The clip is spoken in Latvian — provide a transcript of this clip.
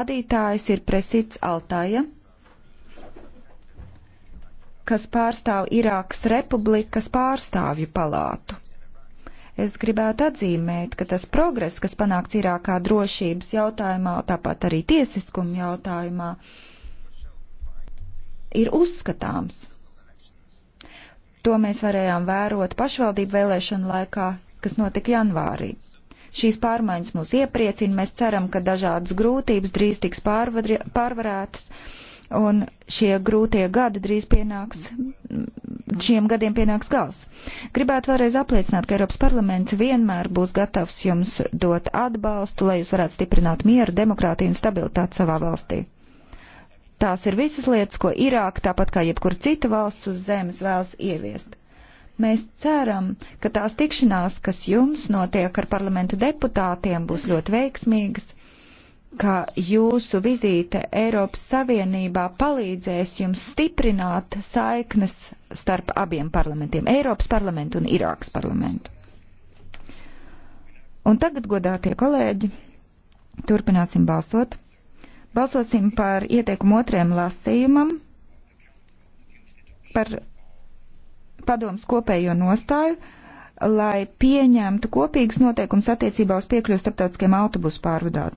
Vadītājs ir Presits Altāja, kas pārstāv Irākas Republikas pārstāvju palātu. Es gribētu atzīmēt, ka tas progress, kas panākts Irākā drošības jautājumā, tāpat arī tiesiskuma jautājumā, ir uzskatāms. To mēs varējām vērot pašvaldību vēlēšanu laikā, kas notika janvārī. Šīs pārmaiņas mūs iepriecina, mēs ceram, ka dažādas grūtības drīz tiks pārvar pārvarētas. Un šie grūtie gadi drīz pienāks, šiem gadiem pienāks gals. Gribētu vēlreiz apliecināt, ka Eiropas parlaments vienmēr būs gatavs jums dot atbalstu, lai jūs varētu stiprināt mieru, demokrātiju un stabilitāti savā valstī. Tās ir visas lietas, ko Irāka, tāpat kā jebkura cita valsts uz zemes, vēlas ieviest. Mēs ceram, ka tās tikšanās, kas jums notiek ar parlamenta deputātiem, būs ļoti veiksmīgas, ka jūsu vizīte Eiropas Savienībā palīdzēs jums stiprināt saiknes starp abiem parlamentiem - Eiropas parlamentu un Irākas parlamentu. Un tagad, godātie kolēģi, turpināsim balsot. Balsosim par ieteikumu otriem lasījumam par padomus kopējo nostāju, lai pieņemtu kopīgas noteikums attiecībā uz piekļuvu starptautiskiem autobusu pārvadāt,